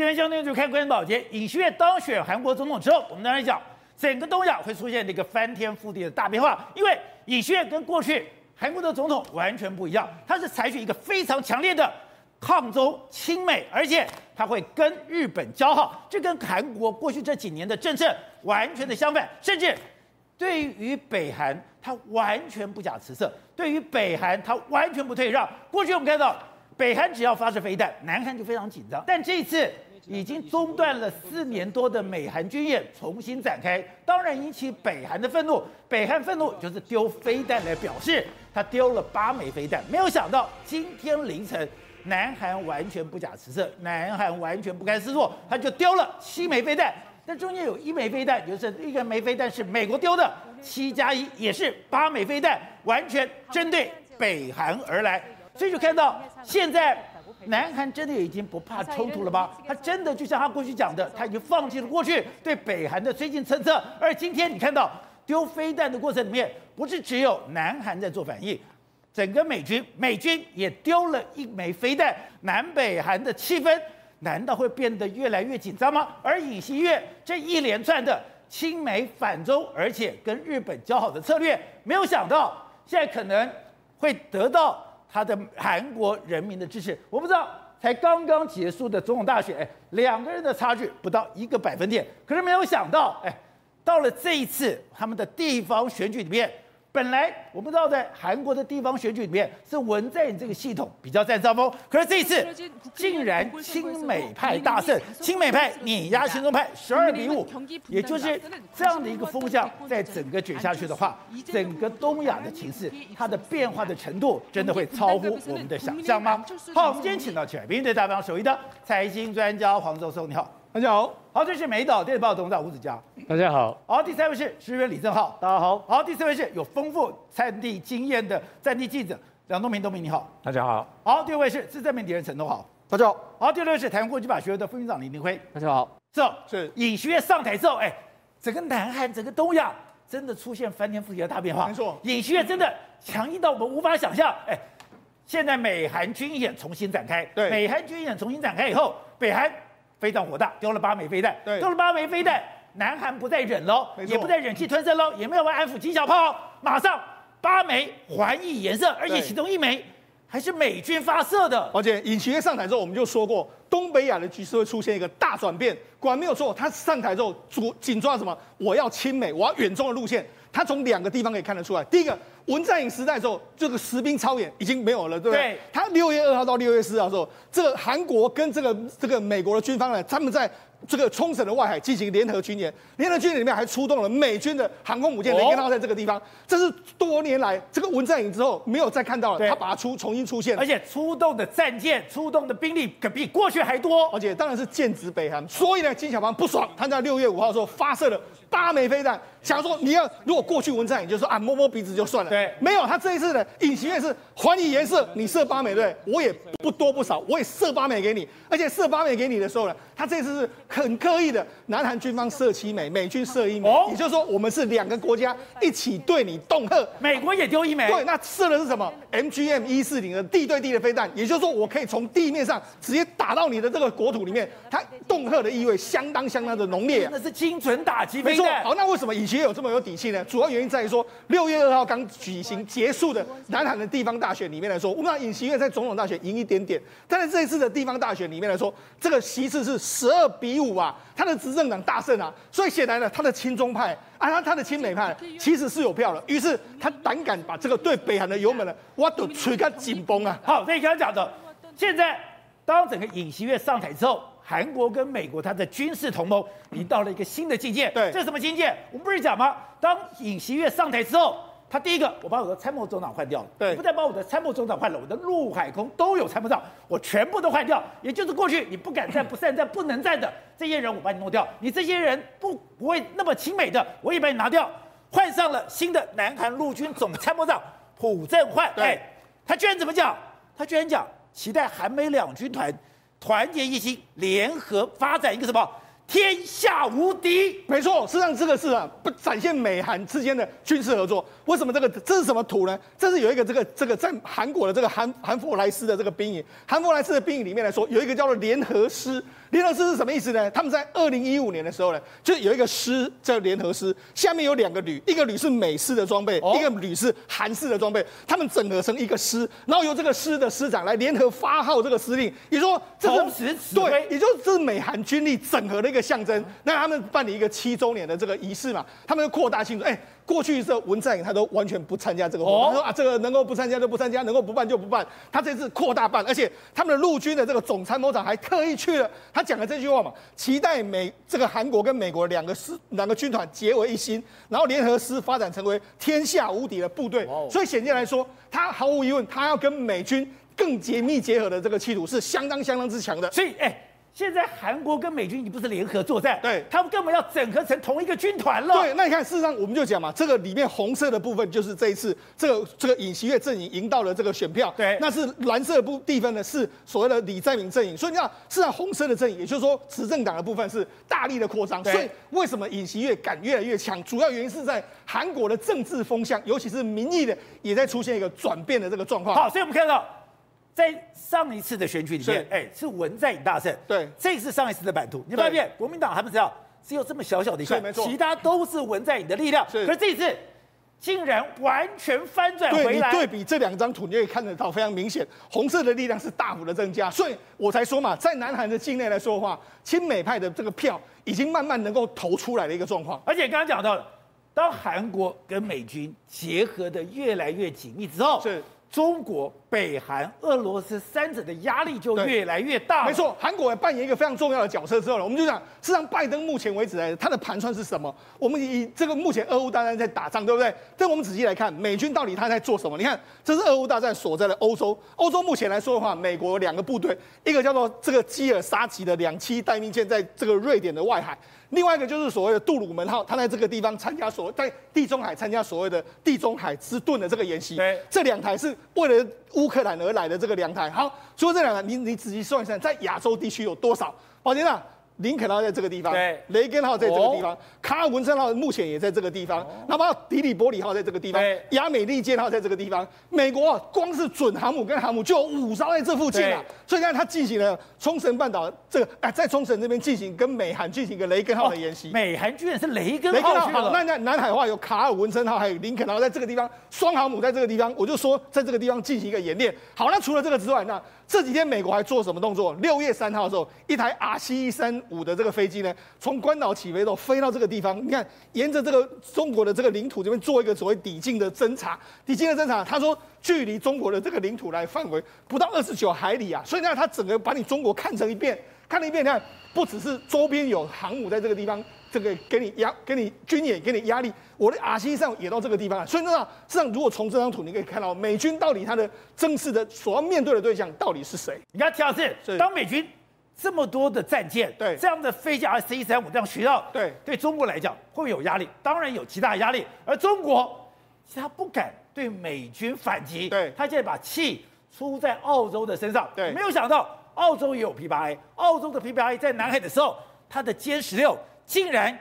今天相對就看國家安全。尹錫悅當選韓國總統之後，我們當然講，整個東亞會出現一個翻天覆地的大變化。因為尹錫悅跟過去韓國的總統完全不一樣，他是採取一個非常強烈的抗中親美，而且他會跟日本交好，這跟韓國過去這幾年的政策完全的相反。甚至對於北韓，他完全不假辭色；對於北韓，他完全不退讓。過去我們看到，北韓只要發射飛彈，南韓就非常緊張，但這一次。已經中斷了四年多的美韓軍演重新展開，當然引起北韓的憤怒。北韓憤怒就是丟飛彈來表示，他丟了八枚飛彈。沒有想到今天凌晨，南韓完全不假辭色，南韓完全不甘示弱，他就丟了七枚飛彈。但中間有一枚飛彈，就是一個枚飛彈是美國丟的，七加一也是八枚飛彈，完全針對北韓而來。所以就看到現在。南韓真的已經不怕衝突了吧？他真的就像他過去講的，他已經放棄了過去對北韓的最近政策。而今天你看到丟飛彈的過程裡面，不是只有南韓在做反應，整個美軍美軍也丟了一枚飛彈。南北韓的氣氛，難道會變得越來越緊張嗎？而尹錫悅這一連串的親美反中，而且跟日本交好的策略，沒有想到現在可能會得到。他的韓國人民的支持，我不知道，才剛剛結束的總統大選，哎，兩個人的差距不到一個百分點，可是沒有想到，哎，到了這一次他們的地方選舉裡面。本來我們知道在韓國的地方選舉裡面是文在寅這個系統比較占上風，可是這一次竟然親美派大勝，親美派碾壓親中派十二比五，也就是這樣的一個風向在整個卷下去的話，整個東亞的情勢它的變化的程度真的會超乎我們的想象嗎？好，我們今天請到全民對大表、首一的財經專家黃世聰，你好。大家好，好，這是《美島》電視報董事長吳子嘉。大家好，好，第三位是時源李正皓。大家好，好，第四位是有豐富戰地經驗的戰地記者梁東屏。東屏你好，大家好，好，第五位是是資深媒體人陳東豪。大家好，好，第六位是台灣國際法學會的副院長林廷輝。大家好，這是尹錫悅上台之後，哎，整個南韓、整個東亞真的出現翻天覆地的大變化。沒錯，尹錫悅真的強硬到我們無法想象。哎，現在美韓軍演重新展開，對，美韓軍演重新展開以後，北韓。非常火大，丟了八枚飛彈，丟了八枚飛彈，南韓不再忍嘍，也不再忍氣吞聲嘍，嗯，也沒有辦法安撫金小炮，馬上八枚還以顏色，而且其中一枚還是美軍發射的。而且尹錫悅上台之後，我們就說過，東北亞的局勢會出現一個大轉變，果然沒有錯，他上台之後緊抓什麼？我要親美，我要遠中的路線。他從兩個地方可以看得出來，第一個文在寅時代的時候，這個實兵操演已經沒有了，對不對？他六月二號到六月四號的時候，這個、韓國跟這個這個美國的軍方呢，他們在。這個沖繩的外海進行聯合軍演，聯合軍演裡面還出動了美軍的航空母艦，雷合在在這個地方，這是多年來這個文在寅之後沒有再看到了。他把它出重新出現，而且出動的戰艦、出動的兵力可比過去還多、哦。而且當然是劍指北韓，所以呢，金小胖不爽，他在六月五號的時候發射了八枚飛彈，想說你要如果過去文在寅就說啊摸摸鼻子就算了，對，沒有，他這一次的尹錫悅是還以顏色，你射八枚對，我也不多不少，我也射八枚給你。而且射八枚給你的時候呢，他這次是很刻意的，南韓軍方射七枚，美軍射一枚、哦，也就是說我們是兩個國家一起對你恫嚇，美國也丟一枚。對，那射的是什麼？MGM 一四零的地對地的飛彈，也就是說我可以從地面上直接打到你的這個國土裡面，它恫嚇的意味相當相當的濃烈、啊。真的是精準打擊飛彈。沒錯。好、哦，那為什麼尹錫悅有這麼有底氣呢？主要原因在於說，六月二號剛舉行結束的南韓的地方大選裡面來說，我們看尹錫悅在總統大選贏一點點，但是這一次的地方大選裡面。裡面來說，這個席次是十二比五啊，他的執政黨大勝啊，所以顯然呢，他的親中派啊，他他的親美派其實是有票的。於是他膽敢把這個對北韓的油門呢，我都吹干緊繃啊。好，所以剛剛講的，現在當整個尹錫悅上台之後，韓國跟美國它的軍事同盟，已到了一個新的境界。對，這是什麼境界？我們不是講嗎？當尹錫悅上台之後。他第一個，我把我的參謀總長換掉了，對，不但把我的參謀總長換了，我的陸海空都有參謀長，我全部都換掉。也就是過去你不敢戰、不善戰、不能戰的這些人，我把你弄掉。你這些人不不會那麼親美的，我也把你拿掉，換上了新的南韓陸軍總參謀長朴正煥。對、欸，他居然怎麼講？他居然講期待韓美兩軍團團結一心，聯合發展一個什麼？天下無敵，沒錯，實際上這個是啊，不展現美韓之間的軍事合作。為什麼這個這是什麼圖呢？這是有一個這個這個在韓國的這個韓韓弗萊斯的這個兵營，韓弗萊斯的兵營裡面來說，有一個叫做聯合師。聯合師是什麼意思呢？他們在二零一五年的時候呢，就有一個師叫聯合師，下面有兩個旅，一個旅是美式的裝備，哦，一個旅是韓式的裝備，他們整合成一個師，然後由這個師的師長來聯合發號這個司令。你說這是、個、對，也就是美韓軍力整合的一個象徵。那他們辦理一個七週年的這個儀式嘛，他們就擴大慶祝。哎、欸。過去的時候，文在寅他都完全不參加這個活動，他說啊，這個能夠不參加就不參加，能夠不辦就不辦。他這次擴大辦，而且他們的陸軍的這個總參謀長還特意去了。他講了這句話嘛，期待美這個韓國跟美國兩個師兩個軍團結為一心，然後聯合師發展成為天下無敵的部隊。所以顯見來說，他毫無疑問，他要跟美軍更緊密結合的這個企圖是相當相當之強的。所以哎、欸。現在韓國跟美軍已經不是聯合作戰，對，他們根本要整合成同一個軍團了。對，那你看，事實上我們就講嘛，這個裡面紅色的部分就是這一次、這個，這個這個尹錫悅陣營贏到了這個選票，對，那是藍色部地方呢是所謂的李在明陣營，所以你看，事實上紅色的陣營，也就是說執政黨的部分是大力的擴張，對，所以為什麼尹錫悅敢越來越強，主要原因是在韓國的政治風向，尤其是民意的也在出現一個轉變的這個狀況。好，所以我們看到。在上一次的選舉裡面，哎，是文在寅大勝。對，這是上一次的版圖。你再看，國民黨還不知道只有這麼小小的一塊，其他都是文在寅的力量。可是這一次，竟然完全翻轉回來。對,你對比這兩張圖，你可以看得到非常明顯，紅色的力量是大幅的增加。所以我才說嘛，在南韓的境內來說的話，親美派的這個票已經慢慢能夠投出來的一個狀況。而且剛剛講到了，當韓國跟美軍結合的越來越緊密之後，是。中國。北韓、俄羅斯三者的壓力就越來越大。沒錯，韓國也扮演一個非常重要的角色之後呢，我們就講，事實上，拜登目前為止他的盤算是什麼？我們以這個目前俄烏大戰在打仗，對不對？但我們仔細來看，美軍到底他在做什麼？你看，這是俄烏大戰所在的歐洲，歐洲目前來說的話，美國有兩個部隊，一個叫做這個基爾沙奇的兩棲待命艦，在這個瑞典的外海，另外一個就是所謂的杜魯門號，他在這個地方參加所謂，在地中海參加所謂的地中海之盾的這個演習。這兩台是為了。烏克蘭而來的這個涼台，好，除了這兩個，你你仔細算一算，在亞洲地區有多少？寶傑啊。林肯號在這個地方。對，雷根號在這個地方。哦、卡爾文森號目前也在這個地方。那麼的黎波里號在這個地方，亞美利堅號在這個地方。美國、啊、光是準航母跟航母，就有五艘在這附近了，啊，所以現在他進行了沖繩半島這個啊、呃，在沖繩這邊進行跟美韓進行一個雷根號的演習。哦、美韓居然是雷根號，那那南海話有卡爾文森號，還有林肯號在這個地方，雙航母在這個地方，我就說在這個地方進行一個演練。好，那除了這個之外，那這幾天美國還做什麼動作？六月三號的時候，一台 RC 一三五的這個飛機呢，從關島起飛後飛到這個地方，你看，沿着這個中國的這個領土這邊做一個所謂抵近的偵察，抵近的偵察，他說距離中國的這個領土來範圍不到二十九海里啊，所以呢，他整個把你中國看成一遍，看了一遍，你看，不只是周邊有航母在這個地方。這個給你壓，給你軍演，給你壓力。我的 R C 上也到這個地方了。所以，事實上，上，如果從這張圖你可以看到，美軍到底他的正式的所要面對的對象到底是誰？你要挑戰當美軍這麼多的戰艦，對這樣的飛機 R C 一三五這樣渠道，對對，對，對中國來講會有壓力，當然有極大的壓力。而中國其實他不敢對美軍反擊，對，他現在把氣出在澳洲的身上，對，對沒有想到澳洲也有 P 八 A，澳洲的 P 八 A 在南海的時候，他的殲十六。竟然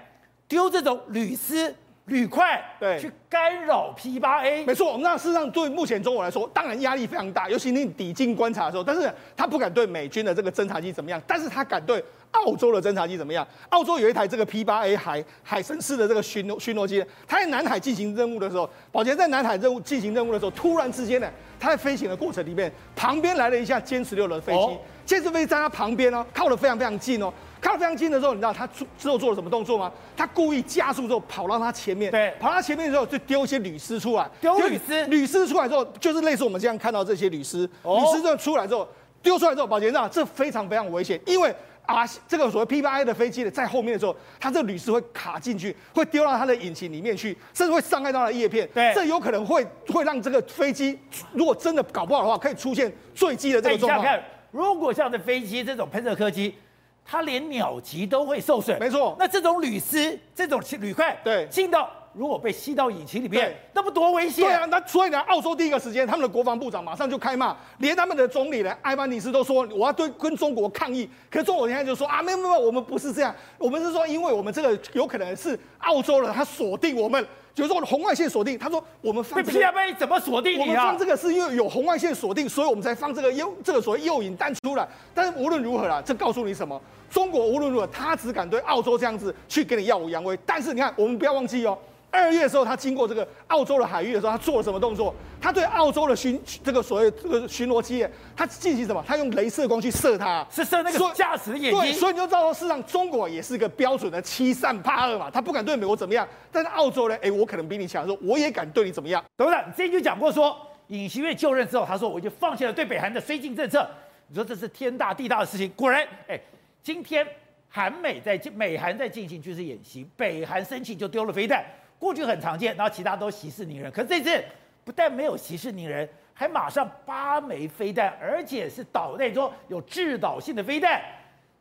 丟這種鋁絲、鋁塊去干擾 P 八 A，沒錯。我們那事實上，對目前中國來說，當然壓力非常大，尤其你抵近觀察的時候。但是他不敢對美軍的這個偵察機怎麼樣，但是他敢對澳洲的偵察機怎麼樣？澳洲有一台這個 P 八 A 海海神式的這個巡巡邏機，他在南海進行任務的時候，寶傑在南海任務進行任務的時候，突然之間呢，他在飛行的過程裡面，旁邊來了一下殲十六的飛機。哦殲十飛機在它旁邊哦、啊，靠得非常非常近哦，靠得非常近的時候，你知道他之後做了什麼動作嗎？他故意加速之後跑到它前面，對，跑到前面的時候就丟一些鋁絲出來，丟鋁絲，鋁絲出來之後就是類似我們這樣看到這些鋁絲，鋁絲這樣出來之後丟出來之後，寶傑長，這非常非常危險，因為啊，這個所謂 P-8A 的飛機的在後面的時候，它這鋁絲會卡進去，會丟到它的引擎裡面去，甚至會傷害到它的葉片，對，這有可能會會讓這個飛機如果真的搞不好的話，可以出現墜機的這個狀況。欸如果像這飛機這種噴射客機，它連鳥擊都會受損。沒錯，那這種鋁絲、這種鋁塊，對，進到，如果被吸到引擎裡面，那不多危險？對啊，那所以呢，澳洲第一個時間，他們的國防部長馬上就開罵，連他們的總理呢，艾巴尼斯都說我要對跟中國抗議。可是中國人家就說啊，沒有沒有，我們不是這樣，我們是說因為我們這個有可能是澳洲人，他鎖定我們，就是說紅外線鎖定。他說我們、這個、被 PMA 怎麼鎖定、啊、我們放這個是因為有紅外線鎖定，所以我們才放這個誘這個所謂誘引彈出來。但是無論如何了，這告訴你什麼？中國無論如何，他只敢對澳洲這樣子去給你耀武揚威。但是你看，我們不要忘記哦。二月的時候，他經過這個澳洲的海域的時候，他做了什麼動作？他對澳洲的巡這個所謂這個巡邏機，他進行什麼？他用鐳射光去射他，是射那個駕駛的眼睛。所以你就知道，事實上中國也是個標準的欺善怕惡嘛，他不敢對美國怎麼樣，但是澳洲呢？誒，我可能比你強，說我也敢對你怎麼樣。董事長之前就講過，說尹錫悅就任之後，他說我已經放棄了對北韓的綏靖政策。你說這是天大地大的事情，果然，誒，今天韓美在美韓在進行軍事演習，北韓生氣就丟了飛彈。過去很常見，然後其他都息事寧人。可是這次不但沒有息事寧人，還馬上八枚飛彈，而且是島內中有制導性的飛彈。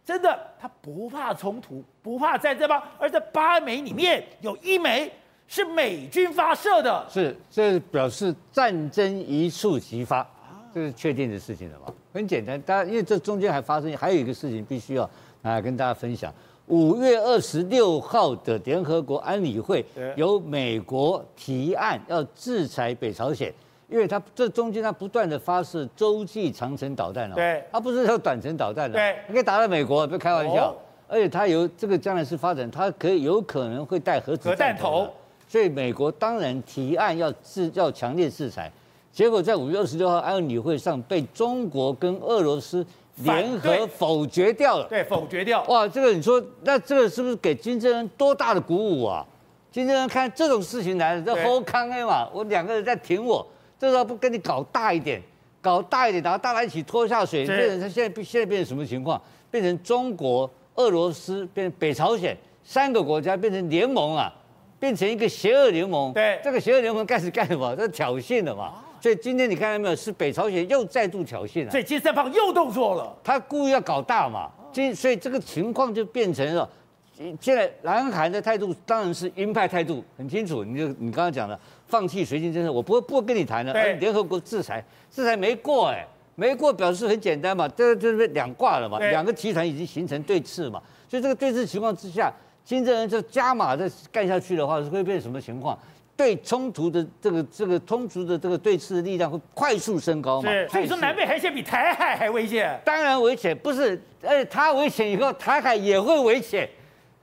真的，他不怕衝突，不怕戰爭嗎？而這八枚裡面有一枚是美軍發射的，是這是表示戰爭一觸即發，這是確定的事情了吧？很簡單，當然因為這中間還發生還有一個事情必須要、哦、啊、呃、跟大家分享。五月二十六號的聯合國安理會，由美國提案要制裁北朝鮮，因為他這中間他不斷的發射洲際長程導彈了、哦，對，啊、不是說短程導彈了，對，可以打到美國，不要開玩笑，哦、而且他有這個將來是發展，他可以有可能會帶核子彈頭，所以美國當然提案要制要強烈制裁，結果在五月二十六號安理會上被中國跟俄羅斯。聯合否決掉了，對，否決掉哇！這個你說，那這個是不是給金正恩多大的鼓舞啊？金正恩看這種事情來了，這好康 A 嘛，我兩個人在挺我，這時候不跟你搞大一點，搞大一點，然後大家一起拖下水，變成他現在變現在變成什麼情況？變成中國、俄羅斯、變成北朝鮮三個國家變成聯盟啊，變成一個邪惡聯盟。對，這個邪惡聯盟開始幹什麼？這是挑釁了嘛？所以今天你看到沒有？是北朝鮮又再度挑釁了。所以金三胖又動作了，他故意要搞大嘛。所以這個情況就變成了，現在南韓的態度當然是鷹派態度，很清楚。你就你剛剛講的放棄綏靖政策，我不會不會跟你談的。聯合國制裁，制裁沒過哎、欸，沒過表示很簡單嘛，這這不兩掛了嘛？兩個集團已經形成對峙嘛。所以這個對峙情況之下，金正恩就加碼再幹下去的話，是會變成什麼情況？對衝突的這個這個衝突的這個對峙的力量會快速升高嘛？所以、就是、說南北韓線比台海還危險。當然危險不是，而且它危險以後，台海也會危險，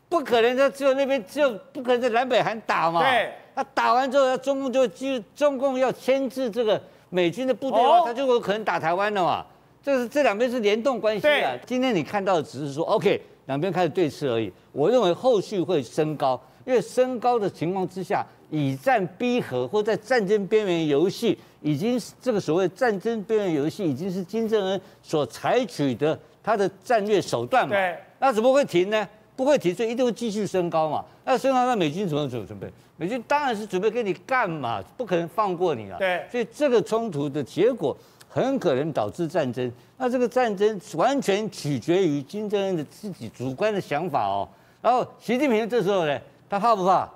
不可能在只有那邊只有不可能在南北韓打嘛？對，他打完之後，中共就就中共要牽制這個美軍的部隊、哦、他就有可能打台灣了嘛。這是這兩邊是聯動關係的。今天你看到的只是說 OK 兩邊開始對峙而已，我認為後續會升高，因為升高的情況之下。以戰逼和或在戰爭邊緣遊戲，已經是這個所謂戰爭邊緣遊戲，已經是金正恩所採取的他的戰略手段嘛？對。那怎麼會停呢？不會停，所以一定會繼續升高嘛。那升高，那美軍怎麼樣準準備？美軍當然是準備跟你幹嘛，不可能放過你啊。對。所以這個衝突的結果很可能導致戰爭。那這個戰爭完全取決於金正恩的自己主觀的想法哦。然後習近平這時候呢，他怕不怕？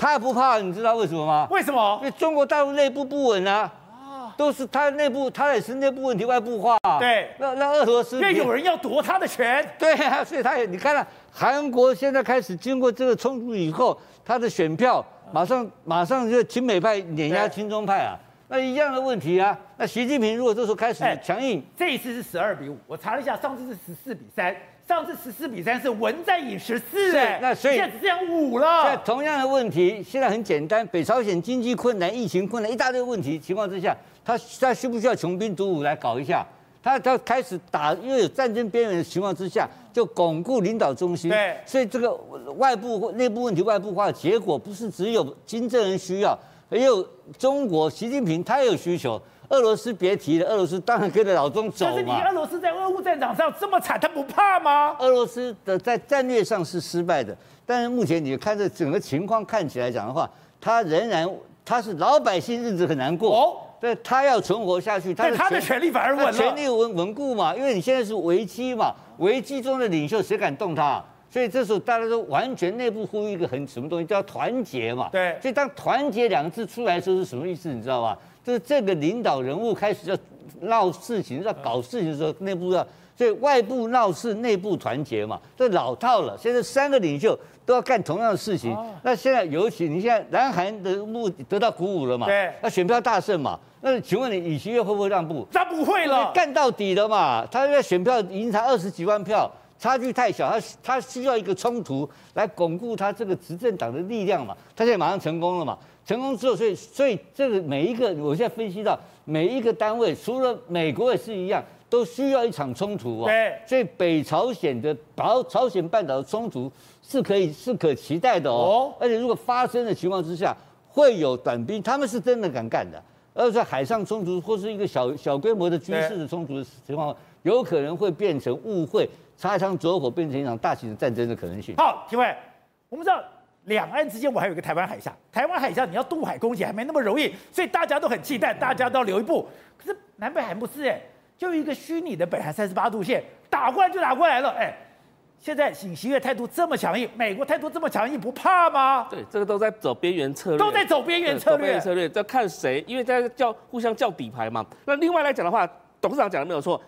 他也不怕，你知道為什麼嗎？為什麼？因為中國大陸內部不穩啊，啊，都是他內部，他也是內部問題外部化。啊。對，那那俄羅斯，因為有人要奪他的權。對啊，所以他也，你看了，啊、韓國現在開始經過這個衝突以後，他的選票馬上馬上就親美派碾壓親中派啊，那一樣的問題啊。那習近平如果這時候開始強硬，欸，這一次是十二比五，我查了一下，上次是十四比三。上次十四比三是文在寅十四，那所以現在只剩五了。在同樣的問題，現在很簡單，北朝鮮經濟困難、疫情困難一大堆問題情況之下，他他需不需要窮兵黷武來搞一下？他他開始打，因為有戰爭邊緣的情況之下，就鞏固領導中心。對，所以這個外部內部問題外部化，結果不是只有金正恩需要，還有中國習近平他也有需求。俄羅斯別提了，俄羅斯當然跟着老中走嘛，但是你俄羅斯在俄烏戰場上這麼慘，他不怕嗎？俄羅斯的在戰略上是失敗的，但是目前你看這整個情況看起來講的話，他仍然他是老百姓日子很難過哦。對，他要存活下去，他是對他的權力反而穩了。權力穩穩固嘛，因為你現在是危機嘛，危機中的領袖誰敢動他啊？所以這時候大家都完全內部呼籲一個很什麼東西，叫團結嘛。對，所以當團結兩個字出來的時候是什麼意思？你知道吧？就是這個領導人物開始要鬧事情，要搞事情的時候，內部要，所以外部鬧事，內部團結嘛，這老套了。現在三個領袖都要幹同樣的事情，啊、那現在尤其你像南韓的目的得到鼓舞了嘛，對，那選票大勝嘛，那請問你尹錫悅會不會讓步？他不會了，你幹到底了嘛，他現在選票已經才二十幾萬票。差距太小，他他需要一個衝突來鞏固他這個執政黨的力量嘛？他現在馬上成功了嘛？成功之後，所以所以這個每一個，我現在分析到每一個單位，除了美國也是一樣，都需要一場衝突哦。對，所以北朝鮮的保朝鮮半島的衝突是可以是可期待的哦。哦，而且如果發生的情況之下，會有短兵，他們是真的敢幹的。而在海上衝突或是一個小小規模的軍事的衝突的情況，有可能會變成誤會。擦槍走火變成一場大型的戰爭的可能性。好，請問。我們知道兩岸之間，我還有一個台灣海峽。台灣海峽你要渡海攻擊，還沒那麼容易，所以大家都很期待，大家都留一步。可是南北韓不是哎、欸，就一個虛擬的北韓三十八度線，打過來就打過來了哎、欸。現在尹錫悅態度這麼強硬，美國態度這麼強硬，不怕嗎？對，這個都在走邊緣策略，都在走邊緣策略。對策略在看誰，因為在叫互相叫底牌嘛。那另外來講的話，董事長講的沒有錯。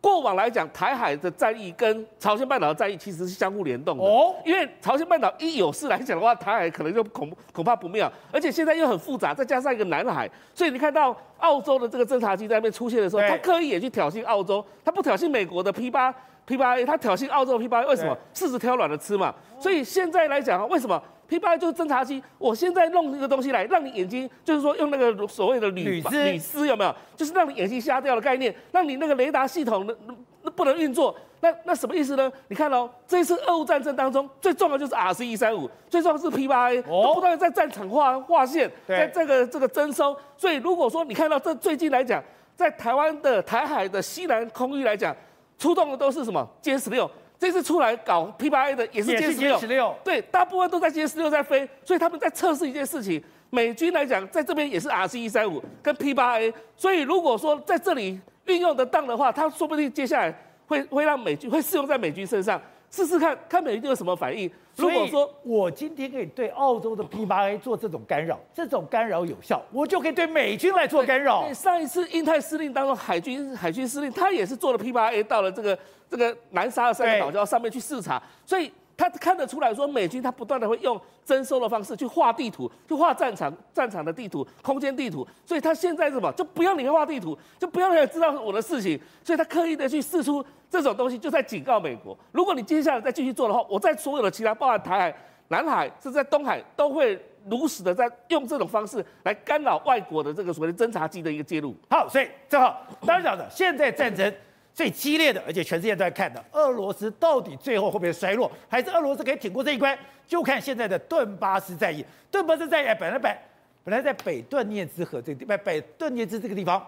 過往來講，台海的戰役跟朝鮮半島的戰役其實是相互聯動的，哦，因為朝鮮半島一有事來講的話，台海可能就恐恐怕不妙，而且現在又很複雜，再加上一個南海，所以你看到澳洲的這個偵察機在那邊出現的時候，他刻意也去挑釁澳洲，他不挑釁美國的 P8 P8A，他挑釁澳洲 P8A，為什麼？柿子挑軟的吃嘛。所以現在來講，為什麼？P 八 A 就是偵察機，我現在弄一個東西來，讓你眼睛就是說用那個所謂的鋁鋁絲有沒有？就是讓你眼睛瞎掉的概念，讓你那個雷達系統的那不能運作。那那什麼意思呢？你看哦，這一次俄烏戰爭當中最重要就是 RC-135，最重要是 P 八 A，、哦、不斷在戰場畫畫線，在這個這個徵收。所以如果說你看到這最近來講，在台灣的台海的西南空域來講，出動的都是什麼？殲十六。這次出來搞 P 八 A 的也是殲十六，對，大部分都在殲十六在飛，所以他們在測試一件事情。美軍來講，在這邊也是 R C 一三五跟 P 八 A，所以如果說在這裡運用得當的話，他說不定接下來會會讓美軍會適用在美軍身上。試試看看美軍有什麼反應。如果說我今天可以對澳洲的 P8A 做這種干擾，這種干擾有效，我就可以對美軍來做干擾。上一次印太司令當中，海軍海軍司令他也是做了 P8A 到了這個這個南沙的三個島礁上面去視察，所以。他看得出來，說美軍他不斷的會用偵搜的方式去畫地圖，去畫戰場、戰場的地圖、空間地圖，所以他現在是什麼，就不要你畫地圖，就不要讓你知道我的事情，所以他刻意的去試出這種東西，就在警告美國，如果你接下來再繼續做的話，我在所有的其他，包含台海、南海，甚至在東海，都會如實的在用這種方式來干擾外國的這個所謂的偵察機的一個介入。好，所以最後，當然講的，現在戰爭。最激烈的，而且全世界都在看的，俄羅斯到底最後會不會衰落，還是俄羅斯可以挺過這一關？就看現在的頓巴斯戰役。頓巴斯戰役本來本來本來在北頓涅茨河這個地方北北頓涅茨這個地方，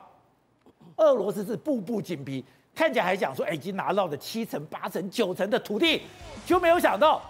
俄羅斯是步步緊逼，看起來還想說，哎，已經拿到了七成、八成、九成的土地，就沒有想到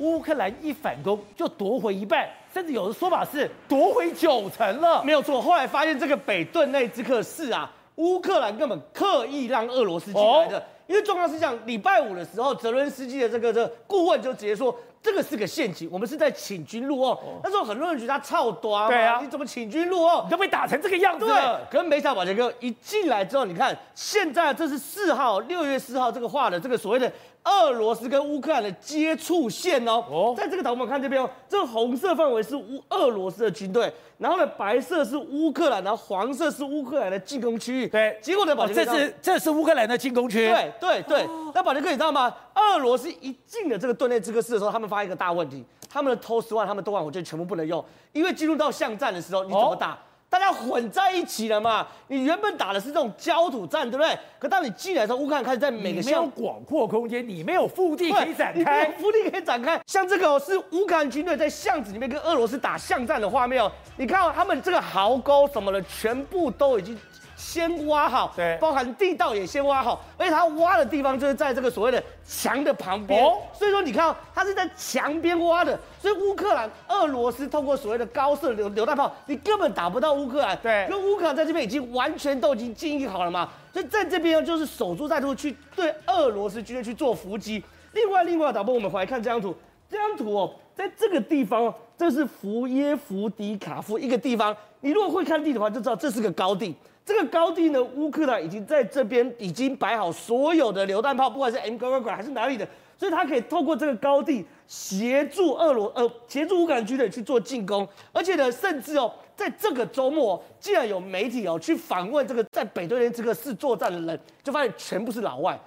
烏克蘭一反攻就奪回一半，甚至有的說法是奪回九成了。沒有錯，後來發現這個北頓涅茨克市啊。烏克蘭根本刻意讓俄羅斯進來的，oh. 因為重要是這樣：禮拜五的時候，澤倫斯基的這個這個顧問就直接說，這個是個陷阱，我們是在請君入甕。Oh. 那時候很多人覺得他操短，對啊，你怎麼請君入甕，你都被打成這個樣子？對，可是梅薩保杰哥一進來之後，你看現在這是四號，六月四號這個畫的這個所謂的。俄羅斯跟烏克蘭的接觸線哦，哦，在這個圖我們看這邊哦，這個紅色範圍是烏俄羅斯的軍隊，然後呢，白色是烏克蘭，然後黃色是烏克蘭的進攻區域。對，結果呢？這是這是烏克蘭的進攻區。對對對，對對哦、那寶傑哥你知道嗎？俄羅斯一進了這個頓涅茨克市的時候，他們發現一個大問題，他們的 TOS-1、他們多萬，我覺得全部不能用，因為進入到巷戰的時候，你怎麼打？哦大家混在一起了嘛，你原本打的是這種焦土戰，對不對？可當你進來的時候，烏克蘭開始在每個像廣闊空間，你沒有腹地可以展開，腹地可以展開。像這個哦是烏克蘭軍隊在巷子裡面跟俄羅斯打巷戰的畫面哦。你看，哦，他們這個壕溝什麼的，全部都已經。先挖好，對，包含地道也先挖好，而且他挖的地方就是在這個所謂的牆的旁邊，哦、所以說你看，哦，他是在牆邊挖的，所以烏克蘭、俄羅斯通過所謂的高射榴榴彈炮，你根本打不到烏克蘭，對，跟烏克蘭在這邊已經完全都已經經營好了嘛，所以在這邊呢就是守株待兔去對俄羅斯軍隊去做伏擊，另外另外導播，我們回來看這張圖。這張圖哦，在這個地方哦，這是福耶福迪卡夫一個地方。你如果會看地圖的話，就知道這是個高地。這個高地呢，烏克蘭已經在這邊已經擺好所有的榴彈炮，不管是 M20 還是哪裡的，所以他可以透過這個高地協助俄羅呃協助烏克蘭軍隊去做進攻。而且呢，甚至哦，在這個週末，竟然有媒體哦去訪問這個在北頓涅這個市作戰的人，就發現全部是老外。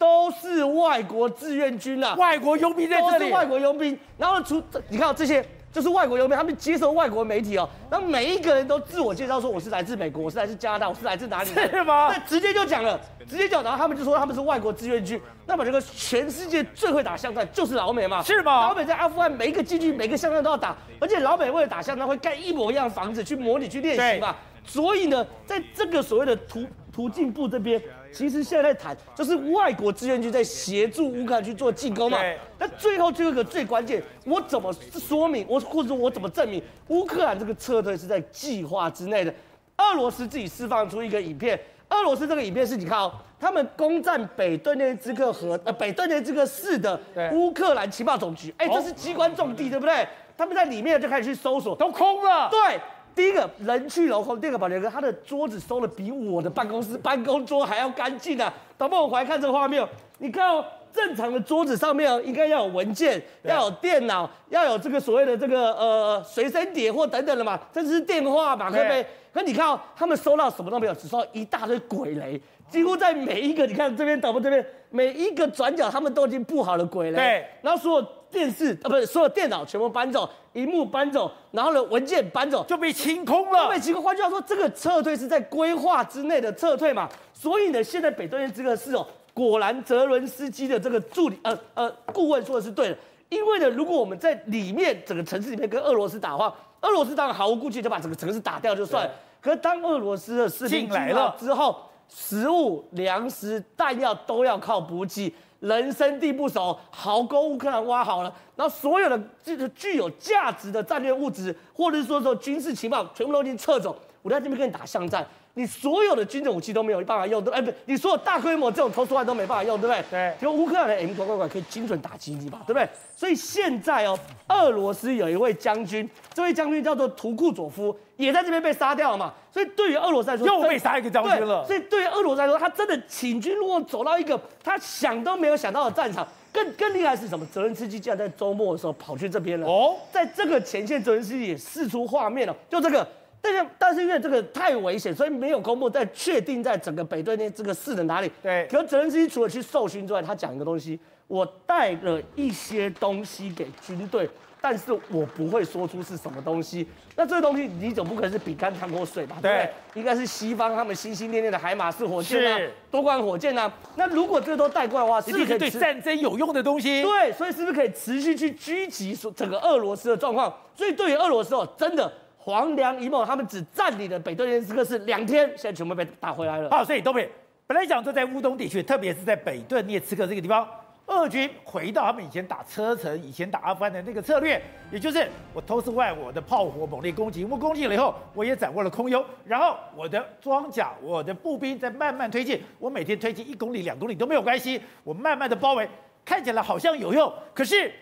都是外國志願軍了、啊，外國傭兵在，都是外國傭兵。然後除你看、哦、這些就是外國傭兵，他們接受外國媒體哦。那每一個人都自我介紹說，我是來自美國，我是來自加拿大，我是來自哪裡？是嗎？那直接就講了，直接講，然後他們就說他們是外國志願軍。那麼這個全世界最會打巷戰就是老美嘛？是嗎？老美在阿富汗每一個基地，每個巷戰都要打，而且老美為了打巷戰會蓋一模一樣的房子去模擬去練習嘛。所以呢，在這個所謂的途途徑部這邊。其實現在在談，就是外國志願軍在協助烏克蘭去做進攻嘛。那最後最後一個最關鍵，我怎麼說明我，或者我怎麼證明烏克蘭這個撤退是在計劃之內的？俄羅斯自己釋放出一個影片，俄羅斯這個影片是你看哦，他們攻佔北頓涅茨克和呃北頓涅茨克市的烏克蘭情報總局，哎，這是機關重地，對不對？他們在裡面就開始去搜索，都空了。對。第一個人去樓空，第二個寶傑哥，他的桌子收的比我的辦公室辦公桌還要乾淨啊！導播，我回來看這個畫面，你看哦，正常的桌子上面應該要有文件，要有電腦，要有這個所謂的這個呃隨身碟或等等的嘛，甚至是電話嘛，對不對？可你看哦，他們收到什麼都沒有，只收到一大堆詭雷，幾乎在每一個，你看這邊導播，這邊每一個轉角，他們都已經佈好了詭雷，對，然後說。電視啊、呃，不是，所有電腦全部搬走，螢幕搬走，然後呢，文件搬走，就被清空了。我們幾個換句話說，這個撤退是在規劃之內的撤退嘛？所以呢，現在北頓涅茨克這個市哦，果然澤倫斯基的這個助理，呃呃，顧問說的是對的。因為呢，如果我們在裡面整個城市裡面跟俄羅斯打的話，俄羅斯當然毫無顧忌就把整個城市打掉就算了。可是當俄羅斯的士兵進，進來了之後，食物、糧食、彈藥都要靠補給。人生地不熟，壕溝烏克蘭挖好了，然後所有的這個具有價值的戰略物資，或者是說說軍事情報，全部都已經撤走，我在這邊跟你打巷戰。你所有的軍政武器都沒有辦法用，對、欸、哎，不，你所有大規模這種投出來都沒辦法用，對不對？對。就烏克蘭的 M 國，乖、欸、乖可以精準打擊你吧，對不對？所以現在哦，俄羅斯有一位將軍，這位將軍叫做圖庫佐夫，也在這邊被殺掉了嘛。所以對於俄羅斯來說，又被殺一個將軍了。所以對於俄羅斯來說，他真的請君如果走到一個他想都沒有想到的戰場，更更厲害是什麼？澤連斯基竟然在周末的時候跑去這邊了。哦，在這個前線，澤連斯基也釋出畫面了、哦，就這個。但是，但是因為這個太危險，所以沒有公布在確定在整個北隊內這個市的哪裡。對。可澤連斯基除了去受勳之外，他講一個東西，我帶了一些東西給軍隊，但是我不會說出是什麼東西。那這個東西，你總不可能是比乾湯鍋水吧？對，對應該是西方他們心心念念的海馬式火箭啊，多管火箭啊。那如果這都帶過來的話，一定可以是，不是對戰爭有用的東西。對，所以是不是可以持續去狙擊整個俄羅斯的狀況？所以對於俄羅斯哦，真的。黃梁一夢，他們只占領了北頓涅茨克是兩天，現在全部被打回來了。好，所以都北本來講就在烏東地區，特別是在北頓涅茨克這個地方，俄軍回到他們以前打車臣、以前打阿富汗的那個策略，也就是我投襲外，我的炮火猛烈攻擊，我攻擊了以後，我也掌握了空優，然後我的裝甲、我的步兵在慢慢推進，我每天推進一公里、兩公里都沒有關係，我慢慢的包圍，看起來好像有用，可是。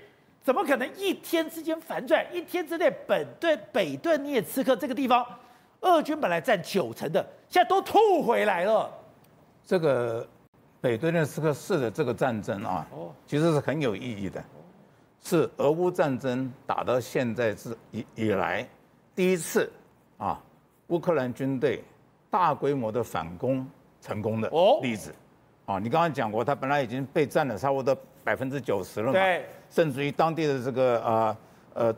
怎麼可能一天之間反轉？一天之內，本頓、北頓涅茨克這個地方，俄軍本來占九成的，現在都吐回來了。這個北頓涅茨克市的這個戰爭啊，其實是很有意義的，是俄烏戰爭打到現在是以以來第一次啊，烏克蘭軍隊大規模的反攻成功的例子。哦、啊，你剛剛講過，他本來已經被占了差不多百分之九十了嘛？對。甚至於當地的這個啊呃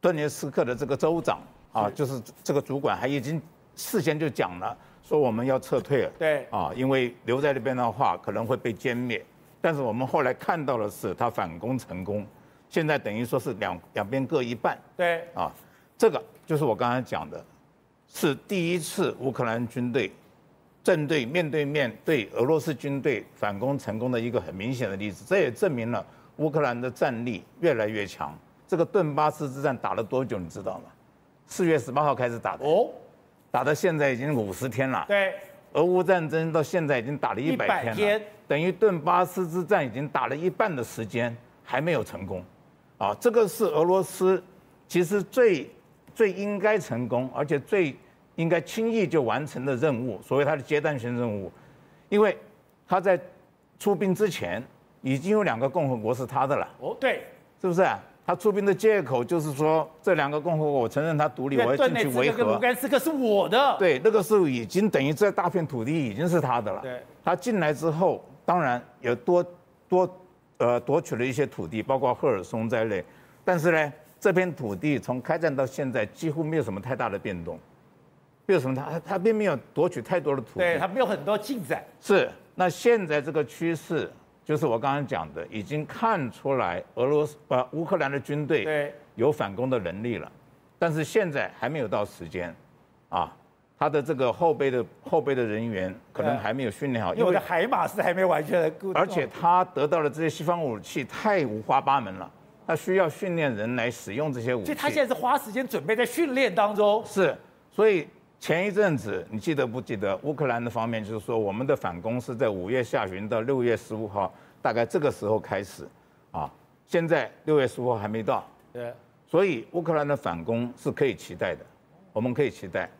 頓涅茨克的這個州長啊，就是這個主管，還已經事先就講了，說我們要撤退了。對啊，因為留在那邊的話，可能會被殲滅。但是我們後來看到的是，他反攻成功，現在等於說是兩兩邊各一半。對啊，這個就是我剛才講的，是第一次烏克蘭軍隊。正對面對面對俄羅斯軍隊反攻成功的一個很明顯的例子，這也證明了烏克蘭的戰力越來越強。這個頓巴斯之戰打了多久，你知道嗎？四月十八號開始打的，哦，打到現在已經五十天了。對，俄烏戰爭到現在已經打了一百天，等於頓巴斯之戰已經打了一半的時間還沒有成功，啊，這個是俄羅斯其實最最應該成功，而且最。應該輕易就完成的任務，所謂他的階段性任務，因為他在出兵之前已經有兩個共和國是他的了。哦，對，是不是、啊？他出兵的借口就是說，這兩個共和國，我承認他獨立，我要進去維和。頓涅茨克和盧甘斯克是我的。對，那個時候已經等於這大片土地已經是他的了。對，他進來之後，當然有多多呃奪取了一些土地，包括赫爾松在內。但是呢，這片土地從開戰到現在幾乎沒有什麼太大的變動。為什麼，他他並沒有奪取太多的土地，對他沒有很多進展。是，那現在這個趨勢就是我剛剛講的，已經看出來俄羅斯啊、呃、烏克蘭的軍隊對有反攻的能力了，但是現在還沒有到時間，啊，他的這個後備的後備的人員可能還沒有訓練好，因為海馬斯還沒完全。而且他得到的這些西方武器太五花八門了，他需要訓練人來使用這些武器。所以，他現在是花時間準備，在訓練當中。是，所以。前一陣子，你記得不記得烏克蘭的方面就是說，我們的反攻是在五月下旬到六月十五號，大概這個時候開始，啊，現在六月十五號還沒到，對，所以烏克蘭的反攻是可以期待的，我們可以期待，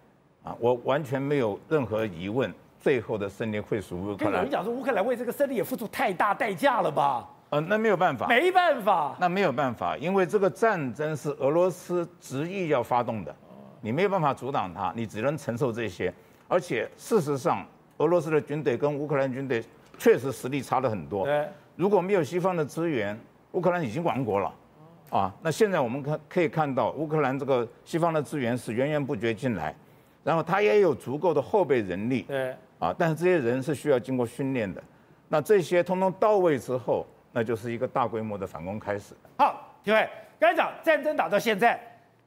啊，我完全沒有任何疑問，最後的勝利會屬於烏克蘭。我們講說，烏克蘭為這個勝利也付出太大代價了吧？呃，那沒有辦法，沒辦法，那沒有辦法，因為這個戰爭是俄羅斯執意要發動的。你沒有辦法阻擋他，你只能承受這些。而且事實上，俄羅斯的軍隊跟烏克蘭軍隊確實實力差了很多。對，如果沒有西方的資源，烏克蘭已經亡國了。嗯。啊，那現在我們可可以看到，烏克蘭這個西方的資源是源源不絕進來，然後他也有足夠的後備人力。對，啊，但是這些人是需要經過訓練的。那這些通通到位之後，那就是一個大規模的反攻開始。好，各位，跟講戰爭打到現在，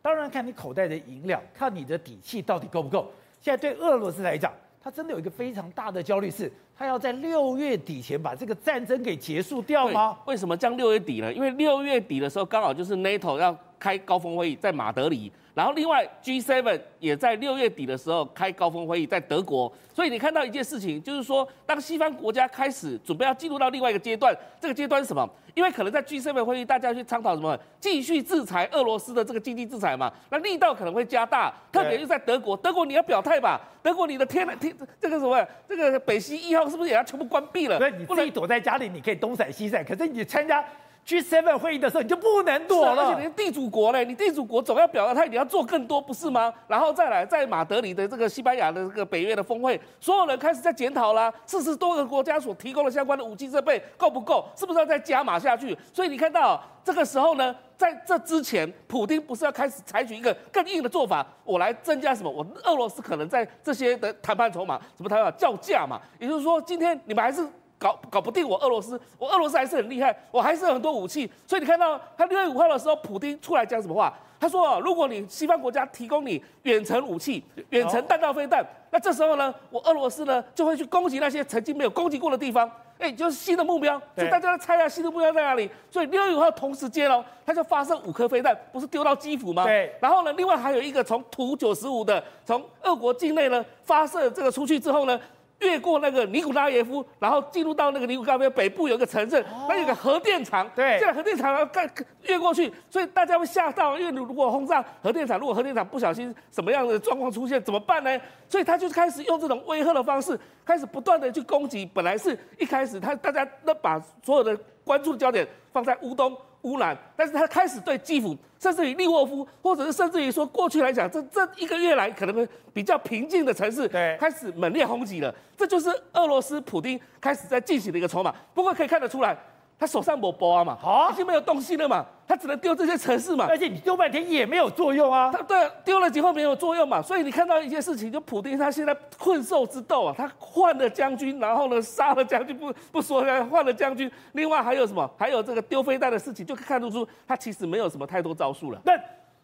當然，看你口袋的銀兩，看你的底氣到底夠不夠，現在對俄羅斯來講，他真的有一個非常大的焦慮，是他要在六月底前把這個戰爭給結束掉嗎？為什麼將六月底呢？因為六月底的時候，剛好就是 NATO 要開高峰會議在馬德里。然後，另外 G7 也在六月底的時候開高峰會議，在德國。所以你看到一件事情，就是說，當西方國家開始準備要進入到另外一個階段，這個階段是什麼？因為可能在 G7 會議，大家去探討什麼？繼續制裁俄羅斯的這個經濟制裁嘛。那力道可能會加大，特別是在德國。德國你要表態吧，德國你的天，天這個什麼，這個北溪一號是不是也要全部關閉了？所以你不能你躲在家裡，你可以東閃西閃，可是你參加，G7 會議的時候你就不能躲了、啊，你是地主國嘞，你地主國總要表個態，你要做更多不是嗎？然後再來在馬德里的這個西班牙的這個北約的峰會，所有人開始在檢討啦、啊。四十多個國家所提供的相關的武器設備夠不夠，是不是要再加碼下去？所以你看到這個時候呢，在這之前，普丁不是要開始採取一個更硬的做法，我來增加什麼？我俄羅斯可能在這些的談判籌碼，什麼談要叫價嘛？也就是說，今天你們還是。搞搞不定我俄羅斯，我俄羅斯還是很厲害，我還是有很多武器。所以你看到他六月五號的時候，普丁出來講什麼話？他說、啊：如果你西方國家提供你遠程武器、遠程彈道飛彈，哦、那這時候呢，我俄羅斯呢就會去攻擊那些曾經沒有攻擊過的地方，哎、欸，就是新的目標。就大家都猜一、啊、下新的目標在哪裡？所以六月五號同時間嘍，他就發射五顆飛彈，不是丟到基輔嗎？對。然後呢，另外還有一個從圖九十五的從俄國境內呢發射這個出去之後呢，越過那個尼古拉耶夫，然後進入到那個尼古拉耶夫北部有個城鎮、哦，那有個核電廠，對，現在核電廠要蓋，越過去，所以大家會嚇到，因為如果轟炸核電廠，如果核電廠不小心什麼樣的狀況出現，怎麼辦呢？所以他就開始用這種威嚇的方式，開始不斷的去攻擊。本來是一開始他大家都把所有的關注的焦點放在烏東。污染，但是他開始對基輔，甚至於利沃夫，或者是甚至於說過去來講，這這一個月來可能比較平靜的城市，對，開始猛烈轟擊了。這就是俄羅斯普丁開始在進行的一個籌碼。不過可以看得出來。他手上沒包啊嘛，好、哦、已經沒有東西了嘛，他只能丟這些城市嘛，而且你丟半天也沒有作用啊。他對，丟了幾乎沒有作用嘛，所以你看到一些事情，就普丁他現在困獸之鬥啊，他換了將軍，然後呢殺了將軍不不說，換了將軍，另外還有什麼？還有這個丟飛彈的事情，就看得出他其實沒有什麼太多招數了。但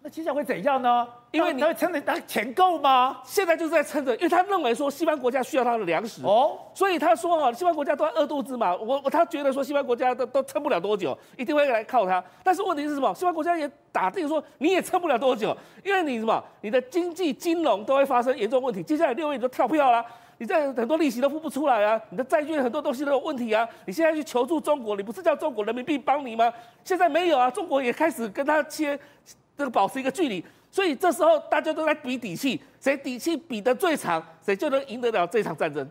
那接下來會怎樣呢？因為他會撐着，他錢夠嗎？現在就是在撐着，因為他認為說西方國家需要他的糧食哦，所以他說啊，西方國家都要餓肚子嘛。我我他覺得說西方國家都都撐不了多久，一定會來靠他。但是問題是什麼？西方國家也打定說你也撐不了多久，因為你什麼？你的經濟金融都會發生嚴重問題。接下來六月你都跳票啦，你這樣很多利息都付不出來啊，你的債券很多東西都有問題啊。你現在去求助中國，你不是叫中國人民幣幫你嗎？現在沒有啊，中國也開始跟他切。這個保持一個距離，所以這時候大家都在比底氣，誰底氣比得最長，誰就能贏得了這場戰爭。